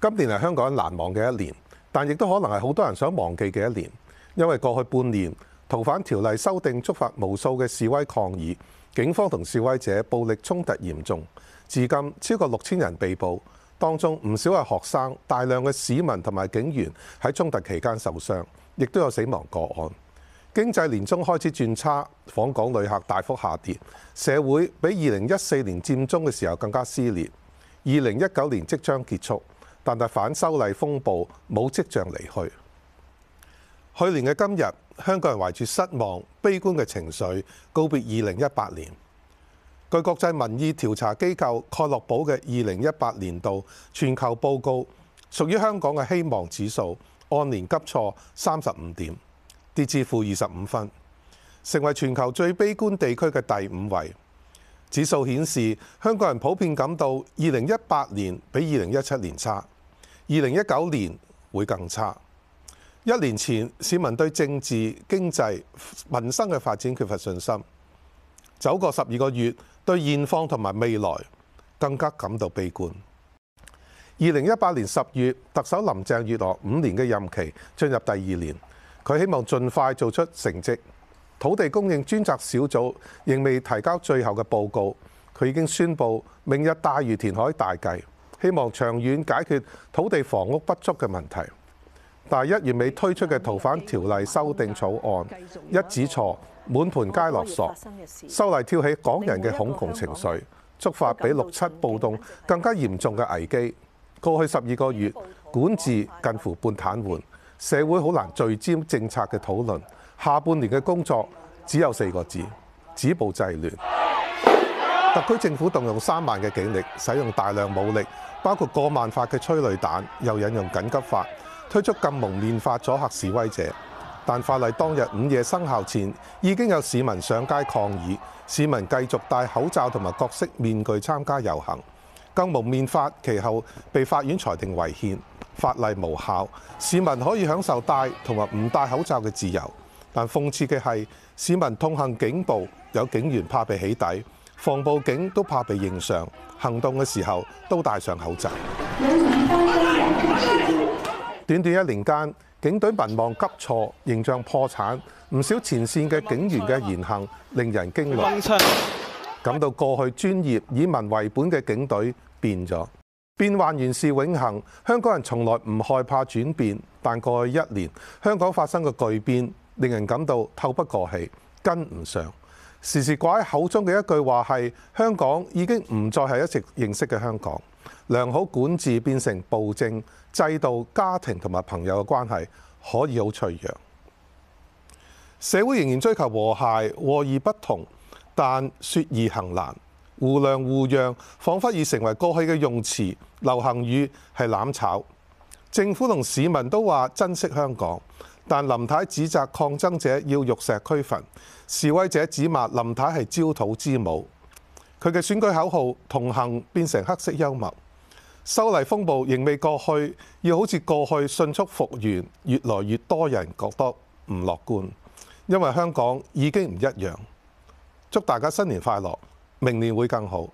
今年係香港難忘嘅一年，但亦都可能係好多人想忘記嘅一年，因為過去半年逃犯條例修訂觸發無數嘅示威抗議，警方同示威者暴力衝突嚴重，至今超過六千人被捕，當中唔少係學生，大量嘅市民同埋警員喺衝突期間受傷，亦都有死亡個案。經濟年中開始轉差，訪港旅客大幅下跌，社會比二零一四年佔中嘅時候更加撕裂。二零一九年即將結束。但係反修例風暴冇跡象離去。去年嘅今日，香港人懷住失望、悲觀嘅情緒告別二零一八年。據國際民意調查機構蓋洛普嘅二零一八年度全球報告，屬於香港嘅希望指數按年急挫三十五點，跌至負二十五分，成為全球最悲觀地區嘅第五位。指數顯示，香港人普遍感到二零一八年比二零一七年差，二零一九年會更差。一年前，市民對政治、經濟、民生嘅發展缺乏信心。走過十二個月，對現況同埋未來更加感到悲觀。二零一八年十月，特首林鄭月娥五年嘅任期進入第二年，佢希望盡快做出成績。土地供應專責小組仍未提交最後嘅報告，佢已經宣布明日大嶼填海大計，希望長遠解決土地房屋不足嘅問題。但一月尾推出嘅逃犯條例修訂草案一子錯，滿盤皆落索，修例挑起港人嘅恐共情緒，觸發比六七暴動更加嚴重嘅危機。過去十二個月，管治近乎半癱瘓，社會好難聚焦政策嘅討論。下半年嘅工作只有四個字：止暴制亂。特區政府動用三萬嘅警力，使用大量武力，包括過萬發嘅催淚彈，又引用緊急法推出禁蒙面法阻嚇示威者。但法例當日午夜生效前已經有市民上街抗議，市民繼續戴口罩同埋各式面具參加遊行。禁蒙面法其後被法院裁定違憲，法例無效，市民可以享受戴同埋唔戴口罩嘅自由。但諷刺嘅係，市民痛恨警暴，有警員怕被起底，防暴警都怕被認上，行動嘅時候都戴上口罩。短短一年間，警隊民望急挫，形象破產，唔少前線嘅警員嘅言行令人驚訝，感到過去專業以民為本嘅警隊變咗。變幻原是永恆，香港人從來唔害怕轉變，但過去一年香港發生嘅巨變，令人感到透不過氣、跟唔上，時時掛喺口中嘅一句話係：香港已經唔再係一直認識嘅香港。良好管治變成暴政，制度、家庭同埋朋友嘅關係可以好脆弱。社會仍然追求和諧，和而不同，但説而行難。互諒互讓彷彿已成為過去嘅用詞。流行語係攬炒。政府同市民都話珍惜香港。但林太指責抗爭者要玉石俱焚，示威者指罵林太係焦土之母。佢嘅選舉口號「同行」變成黑色幽默。修例風暴仍未過去，要好似過去迅速復原，越來越多人覺得唔樂觀，因為香港已經唔一樣。祝大家新年快樂，明年會更好。